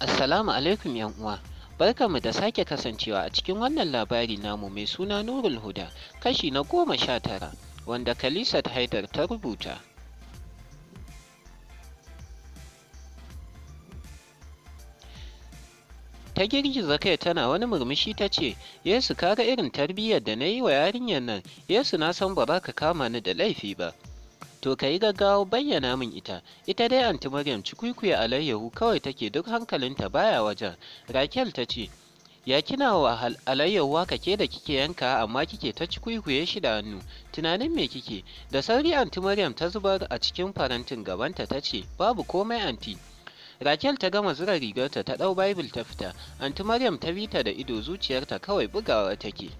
Assalamu alaikum yan uwa. Barkanmu da sake kasancewa a cikin wannan labari namu mai suna Nurul Huda, kashi na goma sha tara, wanda Khalisat Haidar ta rubuta. Ta girgiza kai tana wani murmushi ta ce, Yesu kaga irin tarbiyyar da na yi wa yarinyar nan, Yesu na san ba za ka kama ni da laifi ba. To ka yi gaggawa bayyana min ita, ita dai anti Maryam cikuikuya alayyahu kawai take duk hankalinta baya wajen. Rakel ta ce, Ya kina wa alayyahu haka ke da kike yanka amma kike ta cikuikuye shi da hannu, tunanin me kike? Da sauri anti Maryam ta zubar a cikin farantin gabanta ta ce, Babu komai anti. Rakel ta gama zura rigarta ta ɗau Bible ta fita, anti Maryam ta bi ta da ido zuciyarta kawai bugawa take.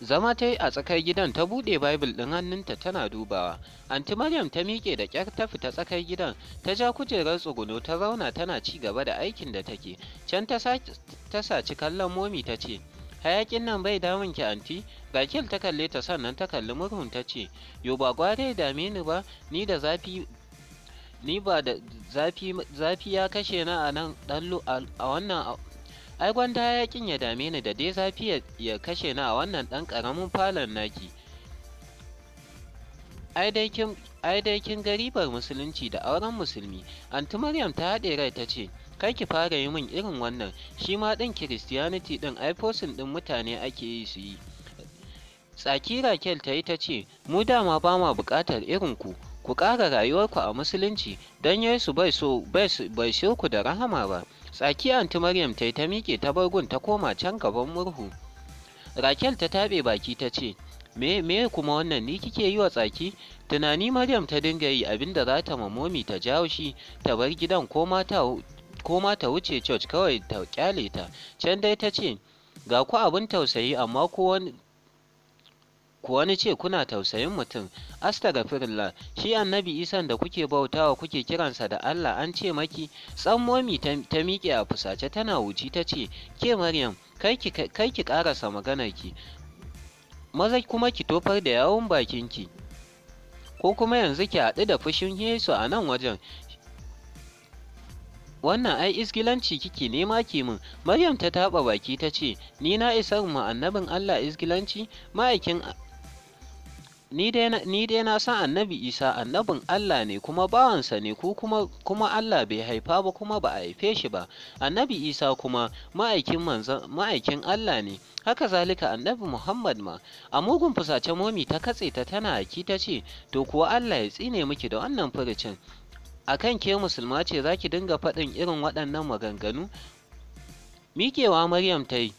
Zama ta yi a tsakar gidan ta buɗe Bible ɗin hannunta tana dubawa. Anti Maryam ta miƙe da ƙyar ta fita tsakar gidan, ta ja kujerar tsuguno ta zauna tana ci gaba da aikin da take. Can ta saci kallon momi ta ce, Hayaƙin nan bai damun ki anti? rakil ta kalle ta sannan ta kalli murhun ta ce, Yo ba gware dame ni ba, ni da zafi ni ba da zafi ya kashe na a nan a wannan Ai gwanda ya kin ya dame ni da dai zafi ya kashe ni a wannan ɗan ƙaramin falon naki. Ai dai kin garibar musulunci da auren musulmi, Anti Maryam ta haɗe rai ta ce, kai ki fara yi min irin wannan, shi ma ɗin Kiristiyaniti ɗin ai ɗin mutane ake yi su yi. Tsaki Rakel ta yi ta ce, mu dama ba ma buƙatar irin ku, ku ƙara rayuwarku a musulunci don yesu bai so bai so ku da rahama ba tsaki anti maryam ta ta miƙe ta bargun ta koma can gaban murhu rakel ta taɓe baki ta ce me me kuma wannan ni kike yi wa tsaki tunani maryam ta dinga yi abinda za ta mamomi ta jawo shi ta bar gidan ko ta wuce church kawai ta kyale ta can dai ta ce ga ku abin tausayi amma ko ku wani ce kuna tausayin mutum astagfirullah shi annabi isan da kuke bautawa kuke kiransa da allah an ce maki tsammomi ta miƙe a fusace tana wuci ta ce ke maryam kai ki ƙarasa maganar ki maza kuma ki tofar da yawon bakinki ko kuma yanzu ki haɗu da fushin yesu a nan wajen wannan ai isgilanci kike nema ki min maryam ta taɓa baki ta ce ni na isar mu annabin allah isgilanci ma'aikin ni dai na san annabi isa annabin allah ne kuma bawansa ne ku kuma allah bai haifa ba kuma ba a haife shi ba annabi isa kuma ma'aikin allah ne haka zalika annabi muhammad ma a mugun fusace momi ta katse ta tana haki ta ce to kuwa allah ya tsine miki da wannan furucin kan ke musulma ce za ki dinga faɗin irin waɗannan maganganu miƙewa maryam ta yi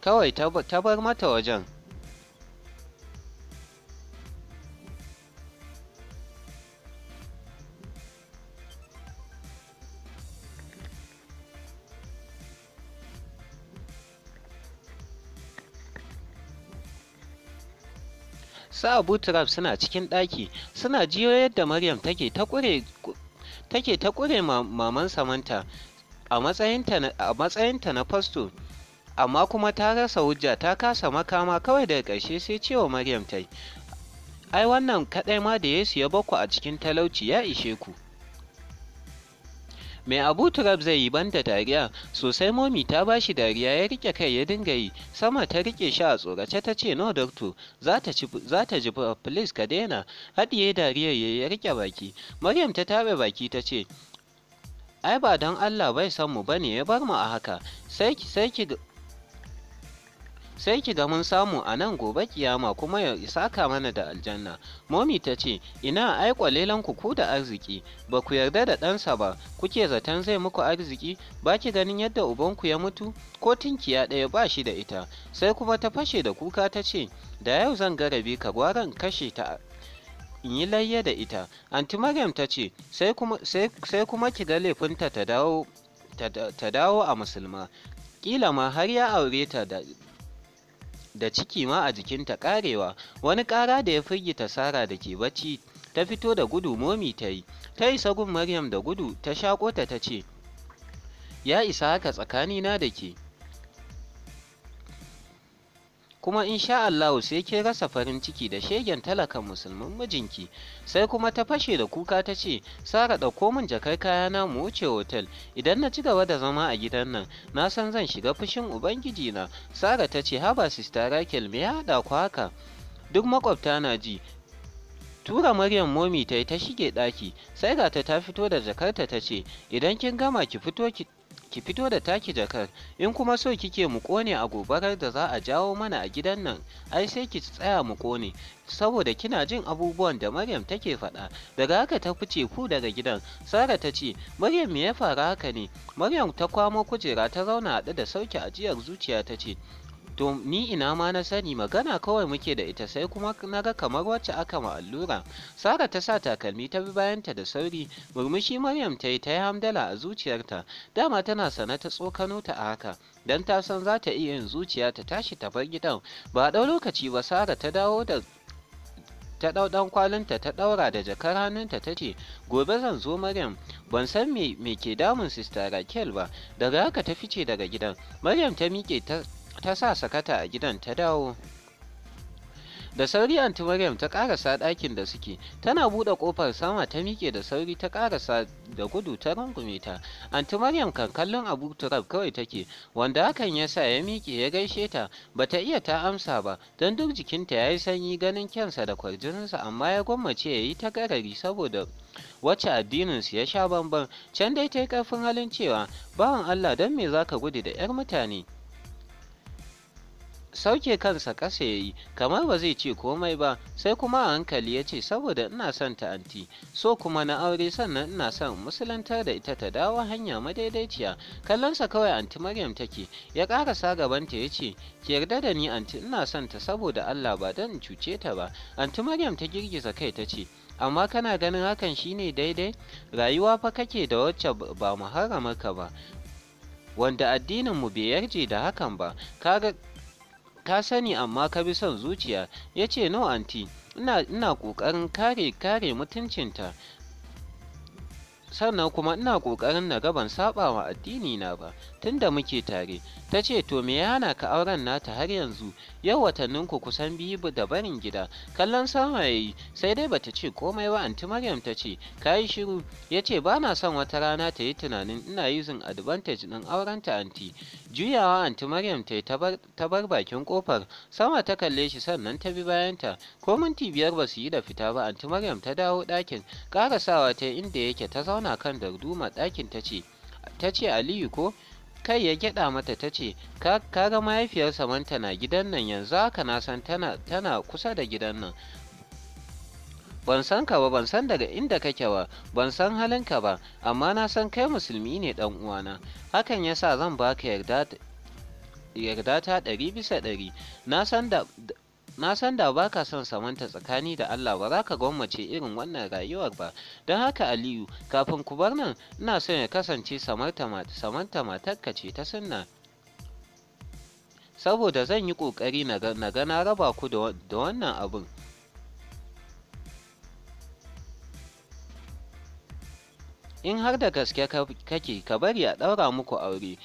kawai ta bar mata wajen Sa Abu Turab suna cikin ɗaki suna jiyo yadda Maryam take ta ƙure maman Samanta a matsayinta na fasto amma kuma ta rasa hujja ta kasa makama kawai daga ƙarshe sai ce wa Maryam ta yi ai wannan kaɗai ma da Yesu ya baku a cikin talauci ya ishe ku Mai Abu Turab zai yi banta dariya sosai momi ta ba shi dariya ya rike kai ya dinga yi sama ta rike shi a tsorace ta ce no doctor za ta ji please ka daina haɗiye dariyar ya rike baki Maryam ta taɓe baki ta ce ai ba don Allah bai san mu bane ya bar mu a haka sai sai ki sai ki ga mun samu a nan gobe kiyama kuma ya isaka mana da aljanna momi ta ce ina ai kwalelan ku ku da arziki ba ku yarda da ɗansa ba kuke zaton zai muku arziki ba ki ganin yadda ubanku ya mutu ko tinkiya ɗaya ba shi da ita sai kuma ta fashe da kuka ta ce da yau zan garabe ka gwaran kashe ta in yi layya da ita anti maryam ta ce sai kuma ki ga laifinta ta dawo a musulma kila ma har ya aure ta da ciki ma a jikinta karewa wani kara da ya firgita sara da ke bacci ta fito da gudu momi ta yi ta isa gun maryam da gudu ta shako ta ta ce ya isa haka tsakanina da ke kuma in sha Allahu sai ke rasa farin ciki da shegen talakan musulmin mijinki sai kuma ta fashe da kuka ta ce Sara ɗauko min jakar kayana mu wuce hotel idan na ci gaba da zama a gidan nan na san zan shiga fushin ubangiji na Sara ta ce haba sista Rakel me ya Da ku haka duk makwabta na ji tura maryam momi ta yi ta shige ɗaki sai ga ta fito da jakarta ta ce idan kin gama ki fito ki ki fito da taki jakar in kuma so kike mu kone a gobarar da za a jawo mana a gidan nan ai sai ki tsaya mu kone saboda kina jin abubuwan da Maryam take faɗa daga haka ta fice ku daga gidan Sara ta ce Maryam me ya faru haka ne Maryam ta kwamo kujera ta zauna haɗe da sauke ajiyar zuciya ta ce To ni ina ma na sani magana kawai muke da ita sai kuma na ga kamar wacce aka ma allura. Sara ta sa takalmi ta bi bayanta da sauri, murmushi Maryam ta yi ta yi hamdala a zuciyarta, dama tana sana ta tsokano ta a haka. Dan ta san za ta iya yin zuciya ta tashi ta bar gidan, ba a ɗau lokaci ba Sara ta dawo da ta ɗau ɗan kwalinta ta ɗaura da jakar hannunta ta ce gobe zan zo maryam ban san me ke damun sista rakel ba daga haka ta fice daga gidan maryam ta miƙe ta sa sakata a gidan ta dawo da sauri anti maryam ta karasa ɗakin da suke tana buɗe ƙofar sama ta miƙe da sauri ta karasa da gudu ta rungume ta anti maryam kan kallon abu turab kawai take wanda hakan ya sa ya miƙe ya gaishe ta ba ta iya ta amsa ba don duk jikinta ya yi sanyi ganin kyansa da kwarjininsa amma ya gwammace ya yi ta garari saboda wacce addininsu ya sha bamban can dai ta yi ƙarfin halin cewa bawan allah don me zaka gudu da 'yar mutane sauke kansa ƙasa ya yi kamar ba zai ce komai ba sai kuma a hankali ya ce saboda ina son ta anti so kuma na aure sannan ina son musulantar da ita ta dawo hanya madaidaiciya kallonsa kawai anti maryam take ya karasa gabanta ya ce ki yarda da ni anti ina son ta saboda allah ba don in cuce ta ba anti maryam ta girgiza kai ta ce amma kana ganin hakan shine daidai rayuwa fa kake da wacce ba mu haramaka ba wanda addininmu bai yarje da hakan ba kaga ka sani amma ka bi son zuciya ya ce no anti ina kokarin kare kare mutuncinta sannan kuma ina ƙoƙarin na gaban wa addini na ba tunda muke tare Ta ce to me ya hana ka auren nata har yanzu yau watannin ku kusan biyu da barin gida kallon sama ya yi sai dai bata ce komai ba anti Maryam ta ce ka yi shiru ya ce ba na son wata rana ta yi tunanin ina using advantage ɗin ta anti juyawa anti Maryam ta yi ta bar bakin kofar sama ta kalle shi sannan ta bi bayanta ko minti biyar ba su yi da fita ba anti Maryam ta dawo ɗakin ƙarasawa ta inda yake ta zauna kan darduma ɗakin ta ce ta ce Aliyu ko kai ya gyaɗa mata ta ce ka ga mahaifiyar samanta na gidan nan yanzu haka na san tana kusa da gidan nan ban san ka ba ban san daga inda kake ba ban san halinka ba amma na san kai musulmi ne dan uwana hakan yasa zan baka yarda yarda ta ɗari bisa ɗari na san da na san da ba ka son samanta tsakani da Allah ba za ka gwammace irin wannan rayuwar ba don haka Aliyu kafin ku bar nan ina so ya kasance samanta matarka ce ta sunna saboda zan yi ƙoƙari na ga na raba ku da wannan abin in har da gaske kake ka bari a ɗaura muku aure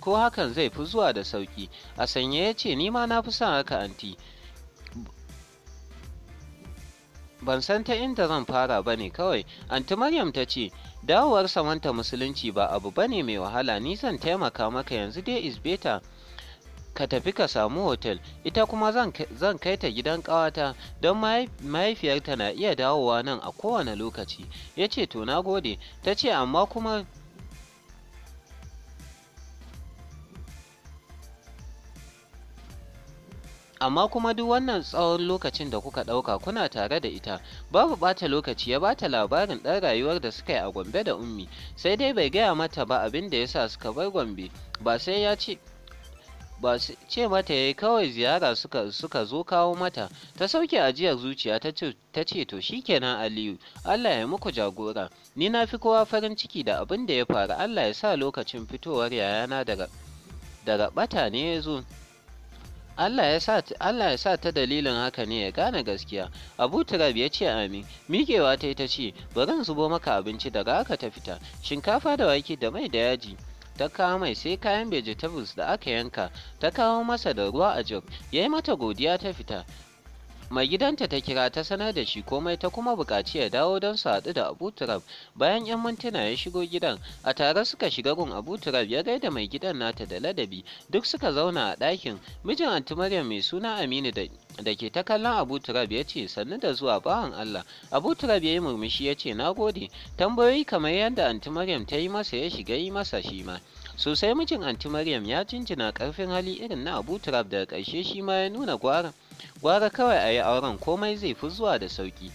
ko hakan zai fi zuwa da sauƙi a sanye ya ce ni ma na fi son haka anti ban san ta inda zan fara ba ne kawai anti maryam ta ce dawowar samanta musulunci ba abu ba ne mai wahala ni zan taimaka maka yanzu dai is better ka tafi ka samu hotel ita kuma zan kai ta gidan ƙawata don mahaifiyarta na iya dawowa nan a kowane lokaci ya ce to na gode ta ce amma kuma amma kuma duk wannan tsawon lokacin da kuka ɗauka kuna tare da ita babu ɓata lokaci ya bata labarin ɗan rayuwar da suka yi a gombe da ummi sai dai bai gaya mata ba abin da ya sa suka bar gombe ba sai ya ce ba su ce mata ya yi kawai ziyara suka zo kawo mata ta sauke ajiyar zuciya ta ce to shi to shikenan Aliyu Allah ya muku jagora ni na fi kowa farin ciki da abin da ya faru Allah ya sa lokacin fitowar yayana daga daga bata ne ya zo Allah ya sa ta dalilin haka ne ya gane gaskiya. Abu Turab ya ce amin, miƙewa ta ita ce, bari in zubo maka abinci daga haka ta fita, shinkafa da wake da mai da yaji. ta kawo mai sai kayan vegetables da aka yanka ta kawo masa da ruwa a jug ya yi mata godiya ta fita mai gidanta ta kira ta sanar da shi komai ta kuma buƙaci ya dawo don su haɗu da abu turab bayan 'yan mintuna ya shigo gidan a tare suka shiga gun abu turab ya gaida mai gidan nata da ladabi duk suka zauna a ɗakin mijin anti maryam mai suna aminu da da ke ta kallon abu turab ya ce sannu da zuwa bawan allah abu turab ya yi murmushi ya ce na gode tambayoyi kamar yadda anti maryam ta yi masa ya shiga yi masa shi ma sosai mijin anti maryam ya jinjina karfin hali irin na abu turab daga ƙarshe shi ma ya nuna gwara Gwara kawai a yi auren komai zai fi zuwa da sauki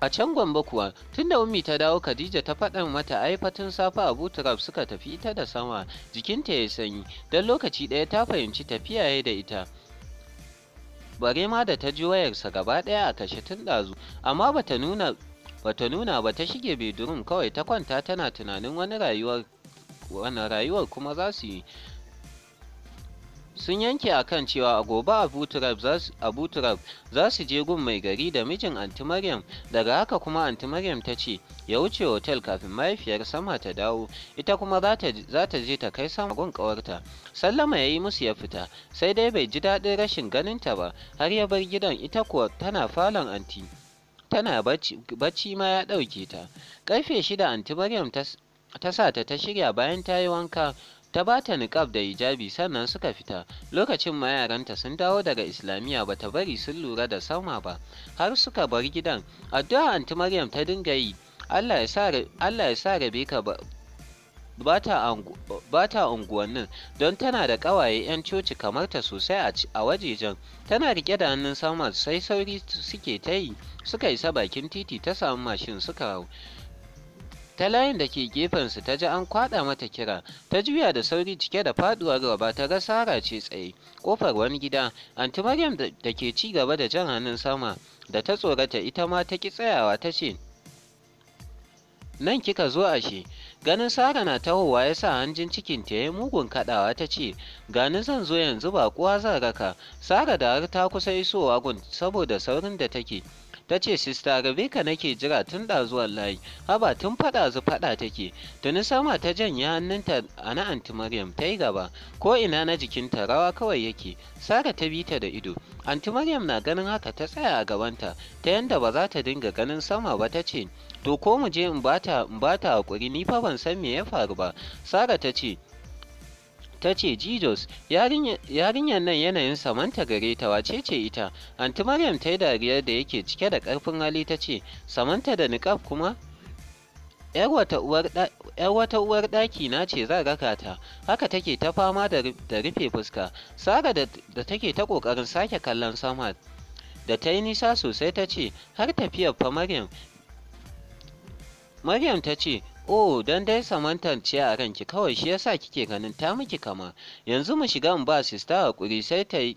A can Gombe kuwa, tun Ummi ta dawo Khadija ta faɗa mata ai fatun safe Abu Turab suka tafi ita da sama, jikinta ya sanyi, don lokaci ɗaya ta fahimci tafiya ya da ita. Bare ma da ta ji wayarsa gaba ɗaya a kashe tun ɗazu, amma bata nuna nuna ba ta shige bedroom kawai ta kwanta tana tunanin wani wani rayuwar kuma za su yi sun yanke a kan cewa a gobe abu turab za su je gun mai gari da mijin anti maryam daga haka kuma anti maryam ta ce ya wuce otel kafin mahaifiyar sama ta dawo ita kuma za ta je ta kai sama gun kawarta sallama ya yi musu ya fita sai dai bai ji daɗin rashin ganinta ba har ya bar gidan ita kuwa tana falon anti tana bacci ma ya ɗauke ta ƙarfe shida anti maryam ta sa ta ta shirya bayan ta yi wanka ta ba ta niƙab da hijabi sannan suka fita lokacin ma yaranta sun dawo daga islamiyya ba ta bari sun lura da sama ba har suka bar gidan addu'a anti maryam ta dinga yi allah ya sa rabeka ba ba ta unguwannin don tana da ƙawaye 'yan coci kamar ta sosai a wajejen tana rike da hannun sama sai sauri suke ta yi suka isa bakin titi ta samu mashin suka hau ta layin da ke gefensu ta ji an kwaɗa mata kira ta juya da sauri cike da faɗuwar gaba ta ga sara ce tsaye kofar wani gida anti maryam da ke ci gaba da jan hannun sama da ta tsorata ita ma ta ki tsayawa ta ce nan kika zo a shi. ganin sara na tahowa ya sa hanjin cikin ta ya mugun kadawa, ta ce gani zan zo yanzu ba kuwa zan raka sara da har ta kusa isowa gun saboda saurin da take ta ce sista Rebecca nake jira tun zuwan layi haba tun faɗa zu fada take tuni sama ta janye hannunta a na anti Maryam ta yi gaba ko ina na jikinta rawa kawai yake Sara ta bi ta da ido anti Maryam na ganin haka ta tsaya a gabanta ta yanda ba za ta dinga ganin sama ba ta ce to ko mu je in bata in bata hakuri ni fa ban san me ya faru ba Sara ta ce ta ce jesus yarinyar nan yanayin samanta gare ta wace ce ita anti maryam ta yi dariyar da yake cike da ƙarfin hali ta ce samanta da niƙaf kuma ‘yar wata uwar ɗaki na ce za raka ta haka take ta fama da rufe fuska sara da take ta ƙoƙarin sake kallon sama da ta yi nisa sosai ta ce har tafiyar fa maryam maryam ta ce Oh, don dai samantar ce a ranki kawai shi yasa kike ganin ta miki kama. Yanzu mu shiga mu ba sista kuri sai ta yi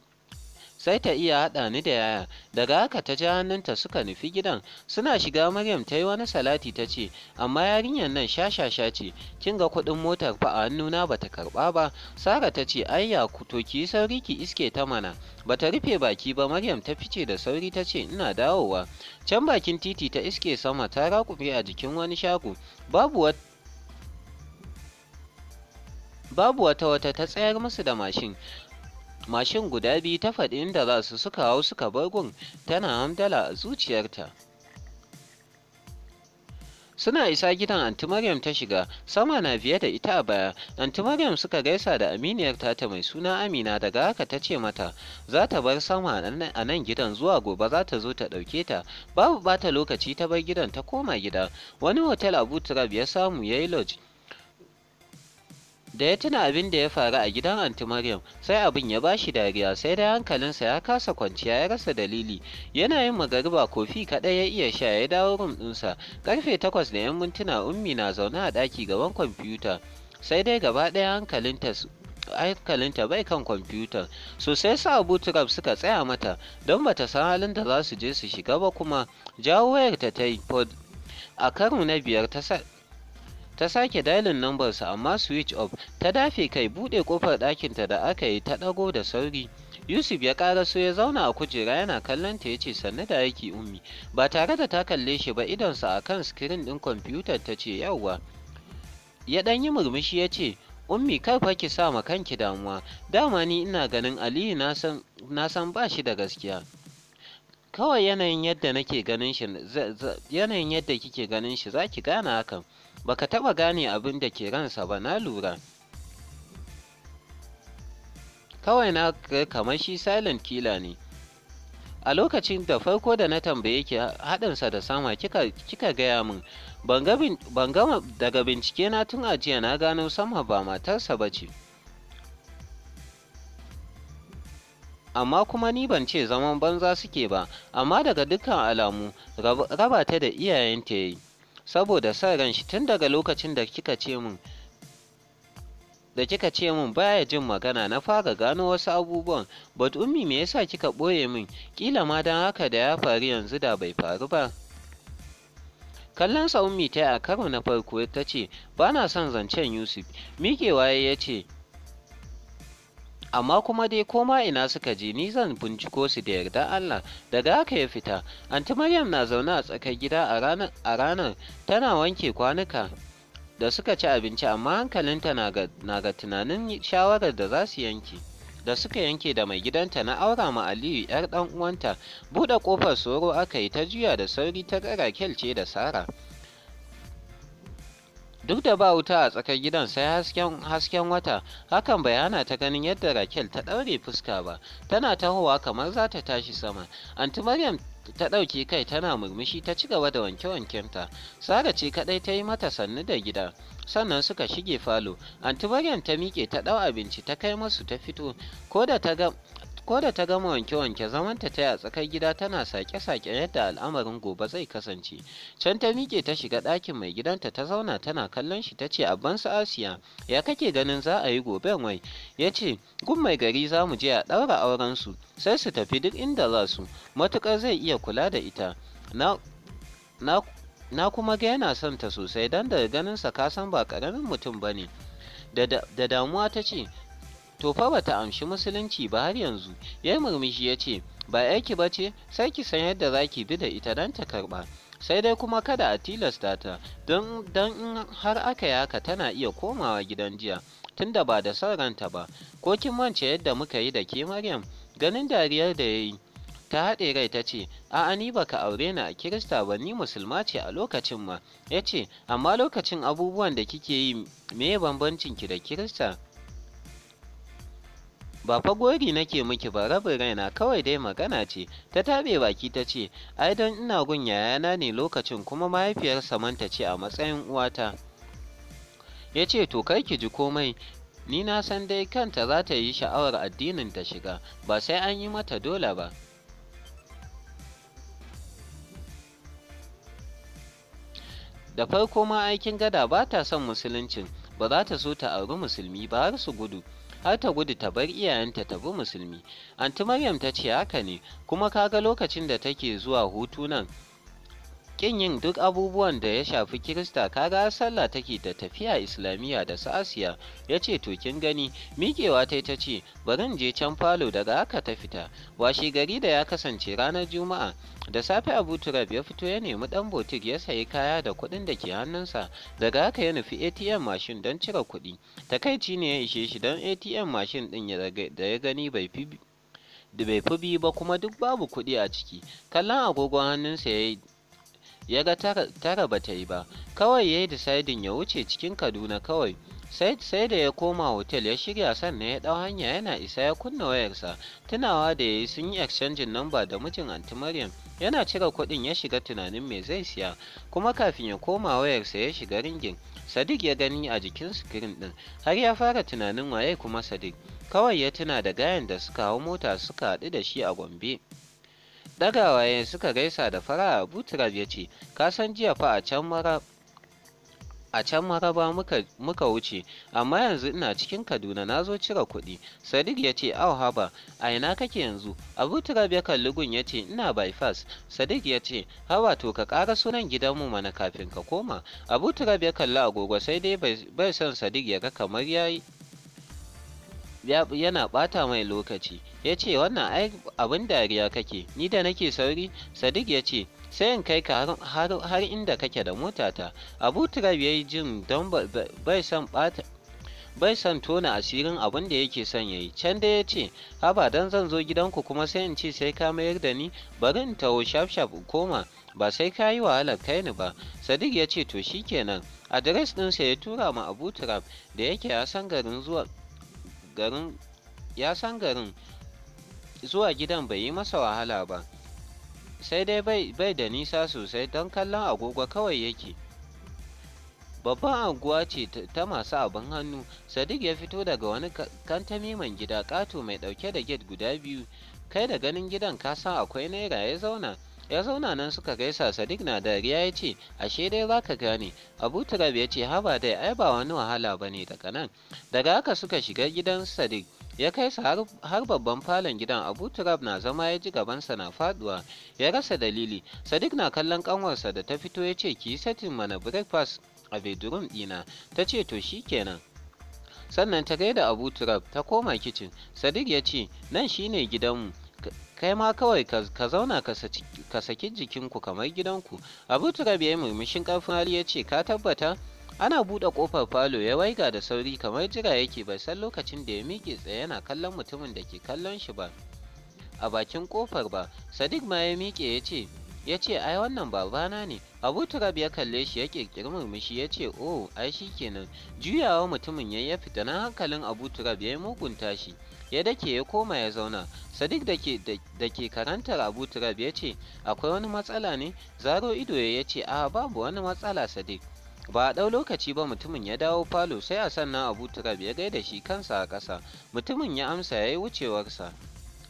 sai ta iya haɗa ni da yaya daga haka ta ja hannunta suka nufi gidan suna shiga maryam ta yi wani salati ta ce amma yarinyar nan shashasha ce kin ga kuɗin motar fa a hannuna bata karɓa ba sara ta ce ayya to ki sauri ki iske ta mana bata rufe baki ba maryam ta fice da sauri ta ce ina dawowa can bakin titi ta iske sama ta rakufe a jikin wani shago babu wata babu wata wata ta tsayar musu da mashin Mashin guda biyu ta faɗi inda za su suka hau suka bar tana hamdala a zuciyarta. Suna isa gidan Anti Maryam ta shiga, sama na biye da ita a baya. Anti Maryam suka gaisa da aminiyar tata mai suna Amina daga haka ta ce mata, za ta bar sama a nan gidan zuwa gobe za ta zo ta ɗauke ta. Babu bata lokaci ta bar gidan ta koma gida. Wani hotel Abu Turab ya samu ya yi lodge da ya tuna abin da ya faru a gidan anti maryam sai abin ya bashi dariya sai hankalin hankalinsa ya kasa kwanciya ya rasa dalili yana yin magariba kofi kaɗai ya iya sha ya dawo rum ɗinsa karfe takwas da yan mintuna ummi na zaune a ɗaki gaban kwamfuta sai dai gaba ɗaya hankalinta hankalinta bai kan kwamfuta sosai sa abu turab suka tsaya mata don bata san halin da za su je su shiga ba kuma jawo wayar ta ta yi a karo na biyar ta ta sake dailin su, amma switch off ta dafe kai buɗe kofar ɗakinta da aka yi ta ɗago da sauri yusuf ya so ya zauna a kujera yana kallon ta ya ce sannu da yake ummi ba tare da ta kalle shi ba idonsa a kan sikirin ɗin kwamfutar ta ce yauwa ya ɗan yi murmushi ya ce ummi kar fa ki sa ma kanki damuwa dama ni ina ganin aliyu na san ba shi da gaskiya kawai yanayin yadda nake ganin shi yanayin yadda kike ganin shi za ki gane hakan Baka taɓa gane abin da ke ransa ba na lura. Kawai na kamar shi silent killer ne. A lokacin da farko da na tambaye ki haɗinsa da sama kika, kika gaya min ban gama daga bincike na tun ajiya na gano sama ba matarsa ba ce. amma kuma ni ban ce zaman banza suke ba amma daga dukkan alamu raba ta da iyayen ta yayi saboda son ran shi tun daga lokacin da kika ce min da kika ce min baya jin magana na fara gano wasu abubuwan but ummi me yasa kika ɓoye min kila ma don haka da ya faru yanzu da bai faru ba kallon sa ummi ta a karo na farko ta ce ba na son zancen yusuf miƙewa ya ce amma kuma dai koma ina suka je ni zan binciko su da yarda Allah daga haka ya fita anti Maryam na zaune a tsakar gida a ranar tana wanke kwanuka da suka ci abinci amma hankalinta na ga tunanin shawarar da za su yanke da suka yanke da mai gidanta na aura ma Aliyu yar dan uwanta buɗe kofar soro aka yi ta juya da sauri ta ga Rakel ce da Sara duk da ba wuta a tsakar gidan sai hasken hasken wata hakan bai hana ta ganin yadda Rakel ta ɗaure fuska ba tana tahowa kamar za ta tashi sama anti Maryam ta ɗauki kai tana murmushi ta ci gaba da wanke-wankenta sara ce kaɗai ta yi mata sannu da gida sannan suka shige falo anti Maryam ta miƙe ta ɗau abinci ta kai masu ta fito ko da ta ga ko da ta gama wanke-wanke zamanta ta yi a tsakar gida tana sake-sake yadda al'amarin gobe zai kasance can ta miƙe ta shiga ɗakin mai gidanta ta zauna tana kallon shi ta ce abban su asiya ya kake ganin za a yi gobe wai ya ce gun mai gari za mu je a ɗaura auren su sai su tafi duk inda za su matuƙar zai iya kula da ita na kuma ga yana son ta sosai don daga ganinsa ka san ba ƙaramin mutum ba ne da damuwa ta ce To fa ba amshi musulunci ba har yanzu, ya murmushi ya ce, ba aiki ba ce, sai ki san yadda za ki bi da ita don ta karba Sai dai kuma kada a tilasta ta, don in har aka yaka tana iya komawa gidan jiya, tunda ba da son ranta ba, ko kin mance yadda muka yi da ke Maryam, ganin dariyar da ya yi. ta haɗe rai ta ce a'a ni baka aure ni a kirista ba ni musulma ce a lokacin ma ya ce amma lokacin abubuwan da kike yi me bambancin ki da kirista ba fa gori nake miki ba rabin raina kawai dai magana ce ta tabe baki ta ce ai don ina gun yayana ne lokacin kuma mahaifiyar samanta ce a matsayin uwata ya ce to kai ki ji komai ni na san dai kanta za ta yi sha'awar addinin ta shiga ba sai an yi mata dole ba da farko ma aikin gada ba ta son musuluncin ba za ta so ta auri musulmi ba har su gudu har ta gudu ta bar iyayenta ta bi musulmi anti maryam ta ce haka ne kuma ka ga lokacin da take zuwa hutu nan ƙin yin duk abubuwan da ya shafi kirista kaga sallah take da tafiya islamiyya da sa'asiya ya ce to kin gani miƙewa ta ta ce barin je can falo daga haka ta fita washe gari da ya kasance ranar juma'a da safe abu turab ya fito ya nemi ɗan botik ya sayi kaya da kuɗin da ke hannunsa daga haka ya nufi atm mashin don cire kuɗi takaici ne ya ishe shi don atm mashin ɗin da ya gani bai fi biyu ba kuma duk babu kuɗi a ciki kallon agogon hannunsa ya yi ya ga tara ba ta yi ba kawai ya yi saidin ya wuce cikin kaduna kawai sai da ya koma hotel ya shirya sannan ya ɗau hanya yana isa ya kunna wayarsa tunawa da ya yi sun yi exchanging namba da mijin anti maryam yana cire kuɗin ya shiga tunanin me zai siya kuma kafin ya koma wayarsa ya shiga ringin sadiq ya gani a jikin sikirin ɗin har ya fara tunanin waye kuma sadiq kawai ya tuna da gayan da suka hau mota suka haɗu da shi a gombe dagawaye suka gaisa da fara'a buturab ya ce ka san jiya fa a can mara a can maraba muka, muka wuce amma yanzu ina cikin kaduna na zo cire kuɗi sadiq ya ce au haba a ina kake yanzu abu turab ya kalli gun ya ce ina bypass sadiq ya ce haba to ka ƙara sunan gidanmu mana kafin ka koma abu turab ya kalli agogo sai dai bai son sadiq ya ga kamar yayi. yana ɓata mai lokaci ya ce wannan abin dariya kake ni da nake sauri sadiq ya ce sai in kai ka har inda kake da motata abu turab ya yi jin don bai son ɓata bai son tona asirin abin da yake son yayi can da ya ce haba don zan zo gidanku kuma sai in ce sai ka mayar da ni bari in taho shafshaf in koma ba sai ka yi wahalar kai ni ba sadiq ya ce to shikenan adres ɗinsa ya tura ma abu turab da yake a san garin zuwa garin ya san garin zuwa gidan bai yi masa wahala ba sai dai bai da nisa sosai don kallon agogo kawai yake babban anguwa ce ta masu abin hannu sadiq ya fito daga wani kantami kantamiman gida kato mai ɗauke da gate guda biyu kai da ganin gidan kasan akwai naira ya zauna ya zauna nan suka gaisa sadiq na dariya ya ce ashe dai za ka gane abu turab ya ce haba dai ai ba wani wahala ba ne daga nan daga haka suka shiga gidan sadiq ya kai su har babban falon gidan abu turab na zama ya ji gabansa na faduwa ya rasa dalili sadiq na kallon kanwarsa da ta fito ya ce ki yi satin mana breakfast a bedroom dina ta ce to shi kenan sannan ta gaida abu turab ta koma kicin sadiq ya ce nan shine gidanmu kai ma kawai ka zauna ka saki jikinku kamar gidanku abu turabe ya murmushin ƙarfin hali ya ce ka tabbata ana buɗe ƙofar falo ya waiga da sauri kamar jira yake bai san lokacin da ya miƙe tsaye yana kallon mutumin da ke kallon shi ba a bakin ƙofar ba sadiq ma ya miƙe ya ce ya ce ai wannan babana ne abu turab ya kalle shi ya ƙirƙiri murmushi ya ce oh ai shi kenan juyawa mutumin ya ya fita na hankalin abu turab ya mugunta shi ya dake ya koma ya zauna sadiq da ke karantar abu turab ya ce akwai wani matsala ne zaro ido ya ce a babu wani matsala sadiq ba a ɗau lokaci ba mutumin ya dawo falo sai a sannan abu turab ya gaida shi kansa a ƙasa mutumin ya amsa ya yi wucewarsa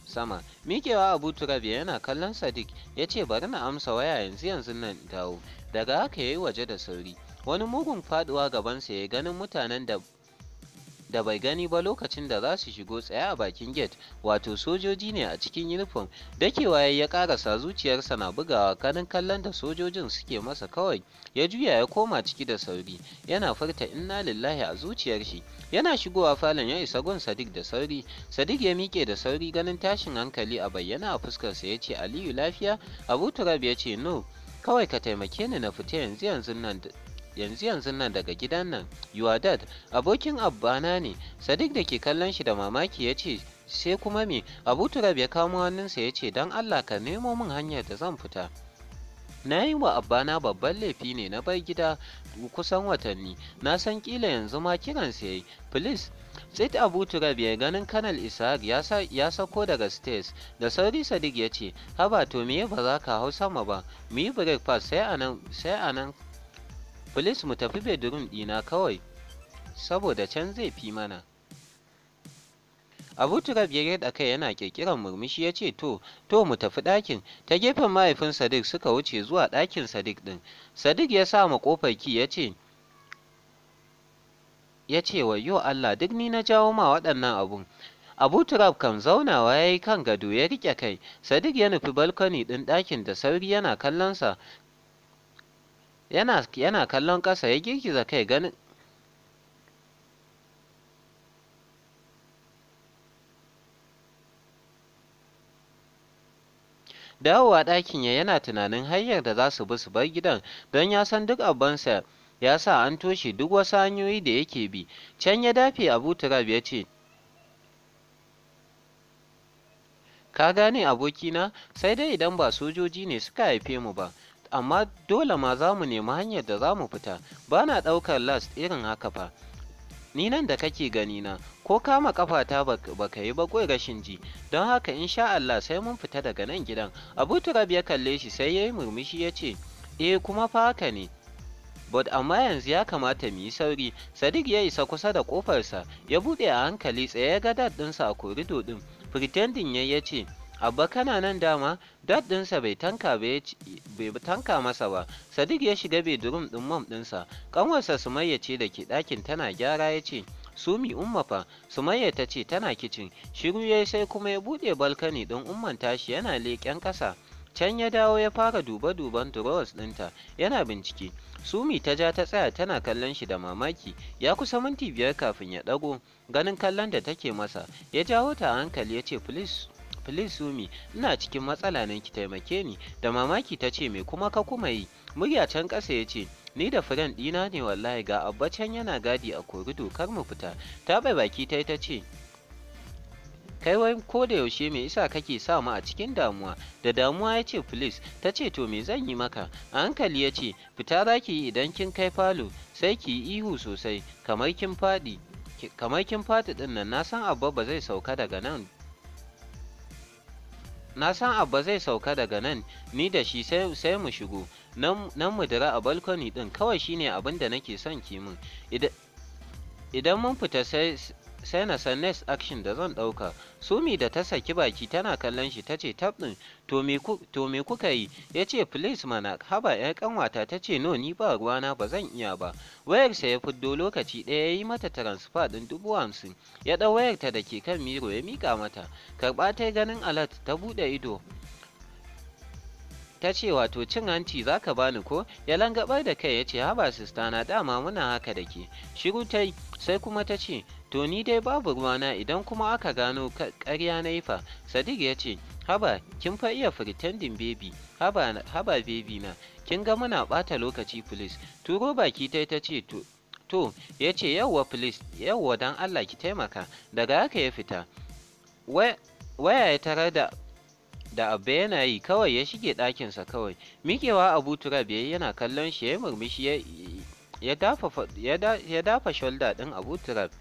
sama miƙewa abu turab yana kallon sadiq ya ce bari na amsa waya yanzu yanzu nan dawo daga haka ya yi waje da sauri wani mugun faduwa gabansa ya ganin mutanen da da bai gani ba lokacin da za su shigo tsaya a bakin gate wato sojoji ne a cikin uniform dakewa ya karasa zuciyarsa na bugawa kanin kallon da sojojin suke masa kawai ya juya ya koma ciki da sauri yana furta inna lillahi a zuciyar shi yana shigowa falon ya isa gun sadiq da sauri sadiq ya miƙe da sauri ganin tashin hankali a bayyana a fuskarsa ya ce aliyu lafiya abu turab ya ce no kawai ka taimake ni na fita yanzu yanzu nan yanzu yanzu nan daga gidan nan yuwadad dad abokin abbana ne sadiq da ke kallon shi da mamaki ya ce sai kuma me abu turab ya kamo hannunsa ya ce don allah ka nemo min hanyar da zan fita na yi wa abbana babban laifi ne na bar gida kusan watanni na san kila yanzu ma kiran ya yi please tsit abu turab ya ganin kanal ishaq ya sako daga stairs da sauri sadiq ya ce haba to me ba za ka hau sama ba mu yi breakfast sai anan Please mu tafi bedroom ɗina kawai, saboda can zai fi mana. Abu Turab ya kai yana ƙirƙirar murmushi ya ce to, to mu tafi ɗakin. Ta gefen mahaifin Sadiq suka wuce zuwa ɗakin Sadiq ɗin. Sadiq ya sa ma ƙofar ki ya ce, ya ce wa yo Allah duk ni na jawo ma waɗannan abun. Abu Turab kan zaunawa ya yi kan gado ya riƙe kai, Sadiq ya nufi balkoni ɗin ɗakin da sauri yana kallonsa, yana kallon ƙasa ya girgiza kai ganin dawowa ɗakin ya yana tunanin hanyar da za su bi su bar gidan don ya san duk abansa ya sa an toshe duk wasu hanyoyi da yake bi can ya dafe abu turab ya ce ka gane abokina sai dai idan ba sojoji ne suka haife mu ba amma dole ma za mu nemi hanyar da za mu fita ba na ɗaukar last irin haka fa ni nan da kake gani na ko kama kafata ba ka yi ba kawai rashin ji don haka in sha Allah sai mun fita daga nan gidan abu turab ya kalle shi sai ya yi murmushi ya ce eh kuma fa haka ne but amma yanzu ya kamata mu yi sauri sadiq ya isa kusa da kofarsa ya buɗe a hankali tsaye ga dad ɗinsa a korido ɗin pretending ya ce abba kana nan dama dad dinsa bai tanka bai tanka masa ba sadiq ya shiga bedroom din mom dinsa. ƙanwarsa sumayya ce da ke ɗakin tana gyara ya ce sumi umma fa sumayya ta ce tana kicin shiru ya sai kuma ya buɗe balkani ɗin umman tashi yana leƙen ƙasa can ya dawo ya fara duba-duban drawers ɗinta yana bincike sumi ta ja ta tsaya tana kallon shi da mamaki ya kusa minti biyar kafin ya ɗago ganin kallon da take masa ya jawo ta hankali ya ce please please sumi ina cikin matsala nan ki taimake ni da mamaki ta ce me kuma ka kuma yi murya can kasa ya ce ni da friend dina ne wallahi ga abba can yana gadi a korido kar mu fita ta bai baki ta ta ce kai wai ko da yaushe me isa kake sa mu a cikin damuwa da damuwa ya ce please ta ce to me zan yi maka a hankali ya ce fita za ki yi idan kin kai falo sai ki yi ihu sosai kamar kin faɗi kamar kin ɗin nan na san abba ba zai sauka daga nan na san abba zai sauka daga nan ni da shi sai mu shigo nan mu dira a balkoni din kawai shine abin da nake son ki idan mun fita sai sai na san next action da zan ɗauka sumi da ta saki baki tana kallon shi ta ce tab to me kuka yi ya ce please mana haba ya kanwata ta ce no ni ba ruwana ba zan iya ba wayarsa ya fiddo lokaci ɗaya ya yi mata transfer ɗin dubu hamsin ya ɗau wayarta da ke kan miro ya miƙa mata karɓa ta ganin alert ta buɗe ido ta ce wato cin hanci za ka bani ko ya langabar da kai ya ce haba sista na dama muna haka da ke shiru ta yi sai kuma ta ce To ni dai babu ruwana idan kuma aka gano karya na fa, Sadiq ya ce, Haba, kin fa iya pretending baby, haba, haba baby na, kin ga muna ɓata lokaci please. Turo baki ta ta ce, To, ya ce yawwa please, yawwa don Allah ki taimaka, daga haka ya fita. Waya ya tarar da da abu yana yi kawai ya shige ɗakinsa kawai miƙewa abu turab ya yana kallon shi ya murmushi ya dafa shoulder ɗin abu turab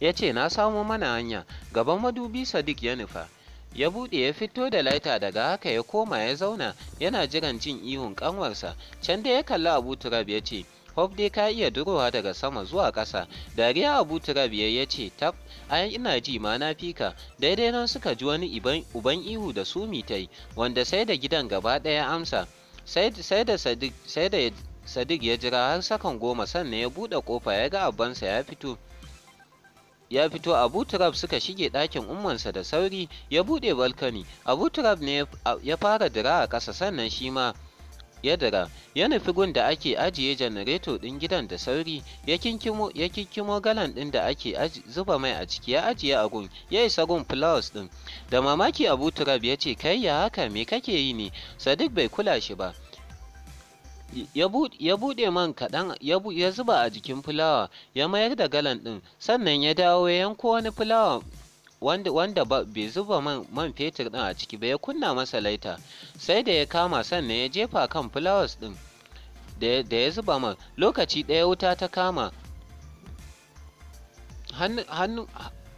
ya ce na samo mana hanya gaban madubi sadiq ya nufa ya buɗe ya fito da laita daga haka ya koma ya zauna yana jiran jin ihun kanwarsa can da ya kalli abu turab ya ce Hope dai ka iya durowa daga sama zuwa ƙasa. Dariya Abu turab ya ce, "Tab, ai ina ji ma na fika." Daidai nan suka ji wani uban ihu da sumi ta wanda sai da gidan gaba ɗaya amsa. Sai da Sadiq ya jira har sakan goma sannan ya buɗe kofa ya ga abansa ya fito. ya fito abu turab suka shige ɗakin ummansa da sauri ya buɗe balkani abu turab ne ya fara dira a ƙasa sannan shi ma ya dira ya nufi gun da ake ajiye janareto ɗin gidan da sauri ya kinkimo galan ɗin da ake zuba mai a ciki ya ajiye a gun ya isa gun flowers ɗin da mamaki abu turab ya ce kai ya haka me kake yi ne sadiq bai kula shi ba ya buɗe man kaɗan ya zuba a jikin fulawa ya mayar da galan ɗin sannan ya dawo ya yanko wani fulawa wanda, bai zuba man, fetur ɗin a ciki ba ya kunna masa laita sai da ya kama sannan ya jefa kan fulawas ɗin da ya zuba man lokaci ɗaya wuta ta kama hannu,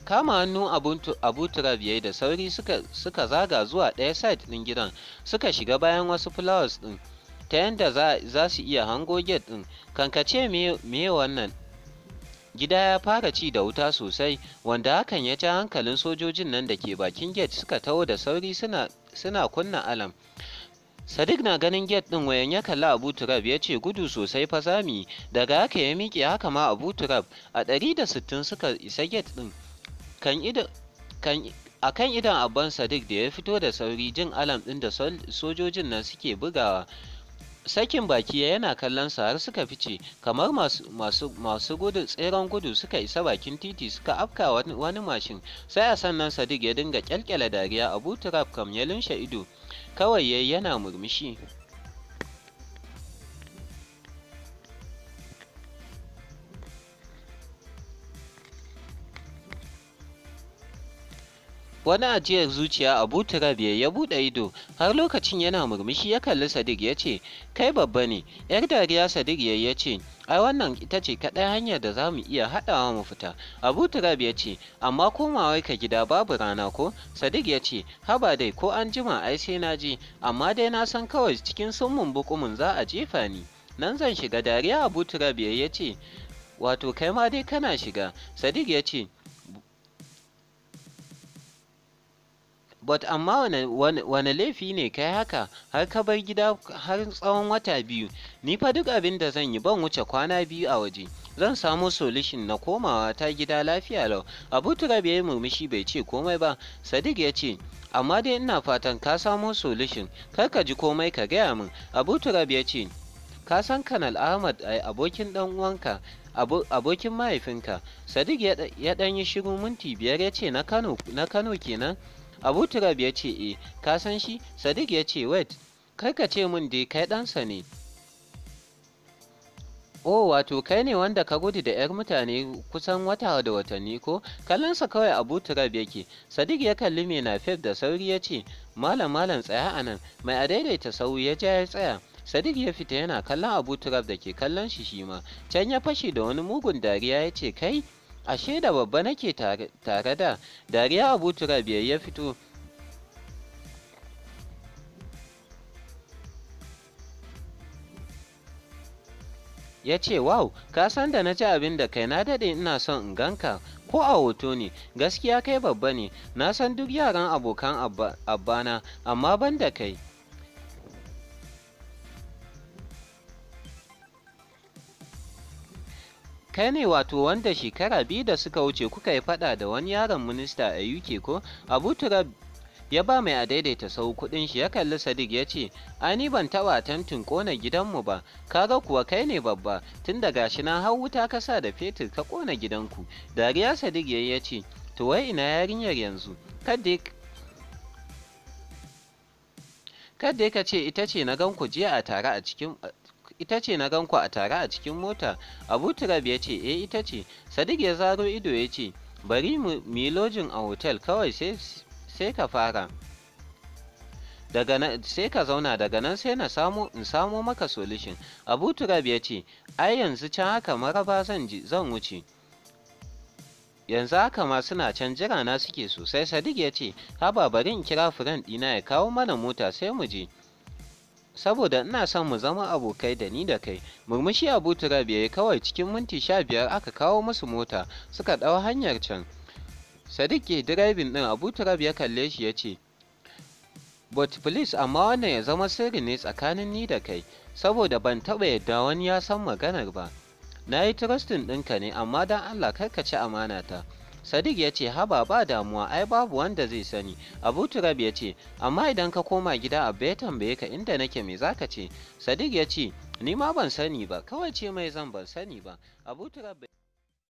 kama hannun abu yayi da sauri suka, zaga zuwa ɗaya side ɗin gidan suka shiga bayan wasu fulawas ɗin ta yanda za su iya hango gate ɗin kankace me wannan gida ya fara ci da wuta sosai wanda hakan ya ja hankalin sojojin nan da ke bakin gate suka taho da sauri suna kunna alam sadiq na ganin gate ɗin wayan ya kalli abu turab ya ce gudu sosai fa zami daga haka ya miƙe haka ma abu turab a 160 suka isa gate ɗin kan a kan idan abban sadiq da ya fito da sauri jin alam ɗin da sojojin nan suke bugawa sakin baki ya yana kallon sa har suka fice kamar masu gudu tseren gudu suka isa bakin titi suka afka wani mashin sai a sannan sadiq ya dinga kyalkyala dariya abu turab kam ya lunshe ido kawai yayi yana murmushi Wani ajiyar zuciya Abu Turab ya buɗe ido, har lokacin yana murmushi ya kalli Sadiq ya ce, Kai babba ne, ‘yar dariya Sadiq ya ce, Ai wannan ita ce kaɗai hanyar da za mu iya haɗawa mu fita. Abu Turab ya ce, Amma komawa ka gida babu rana ko? Sadiq ya ce, Haba dai ko an jima ai sai na ji, amma dai na san kawai cikin summun bukumin za a jefa ni. Nan zan shiga dariya Abu Turab ya ce, Wato kai ma dai kana shiga. Sadiq ya ce, But amma wane laifi ne kai haka har ka bar gida har tsawon wata biyu, ni fa duk abin da zan yi ban wuce kwana biyu a waje. Zan samu solution na komawa ta gida lafiya lau. Abu turabi ya yi murmushi bai ce komai ba, Sadiq ya ce, amma dai ina fatan ka samo solution, kar ka ji komai ka gaya min. Abu turabi ya ce, ka san kanal Ahmad abokin dan uwanka abokin mahaifinka sadiq ya ɗan yi shiru minti biyar ya ce na kano kenan abu turab ya ce e ka san shi sadiq ya ce wait kai ka ce min dai kai ɗansa ne o wato kai ne wanda ka gudu da 'yar mutane kusan wata da watanni ko? Kallonsa kawai Abu Turab yake. Sadiq ya kalli mai fef da sauri ya ce, Malam malam tsaya a nan, mai a daidaita sau ya ja ya tsaya. Sadiq ya fita yana kallon Abu Turab da ke kallon shi shi ma. Can ya fashe da wani mugun dariya ya ce, Kai, ashe da babba nake tare da dariya abu turabiyar ya fito ya ce wow ka san da na ji abin da kai na daɗe ina son in ganka ko a hoto ne gaskiya kai babba ne na san duk yaran abokan abbana amma ban da kai kai ne wato wanda shekara biyu da suka wuce kuka yi fada da wani yaron minista a uk ko abu turab ya ba mai a daidaita sau kudin shi ya kalli sadiq ya ce ani ban taba tantin kona gidanmu ba ka ga kuwa kai ne babba tun da gashi na hau wuta kasa da fetur ka kona gidanku dariya sadiq ya ce to wai ina yarinyar yanzu kadda ka ce ita ce na gan ku jiya a tare a cikin ita ce na ganku a tare a cikin mota abu turab ya ce eh ita ce sadiq ya zaro ido ya ce bari mu lojin a hotel kawai sai ka fara daga nan sai ka zauna daga nan sai na samu in samo maka solution abu turab ya ce ai yanzu can haka maraba zan zan wuce yanzu haka ma suna can jira na suke sosai sadiq ya ce haba bari in kira furen dina ya kawo mana mota sai mu je saboda ina son mu zama abokai da ni da kai murmushi abu Turabi ya yi kawai cikin minti sha biyar aka kawo musu mota suka ɗau hanyar can sadiq ke direbin ɗin abu Turabi ya kalle shi ya ce but please amma wannan ya zama sirri ne tsakanin ni da kai saboda ban taɓa yadda wani ya san maganar ba na yi trustin ɗinka ne amma don allah kar ka ci amana ta. Sadiq ya ce haba ba damuwa ai babu wanda zai sani. Abu Turab ya ce amma idan ka koma gida abu ya tambaye ka inda nake me zaka ce? Sadiq ya ce ni ma ban sani ba kawai ce mai zan ban sani ba. Abu Turab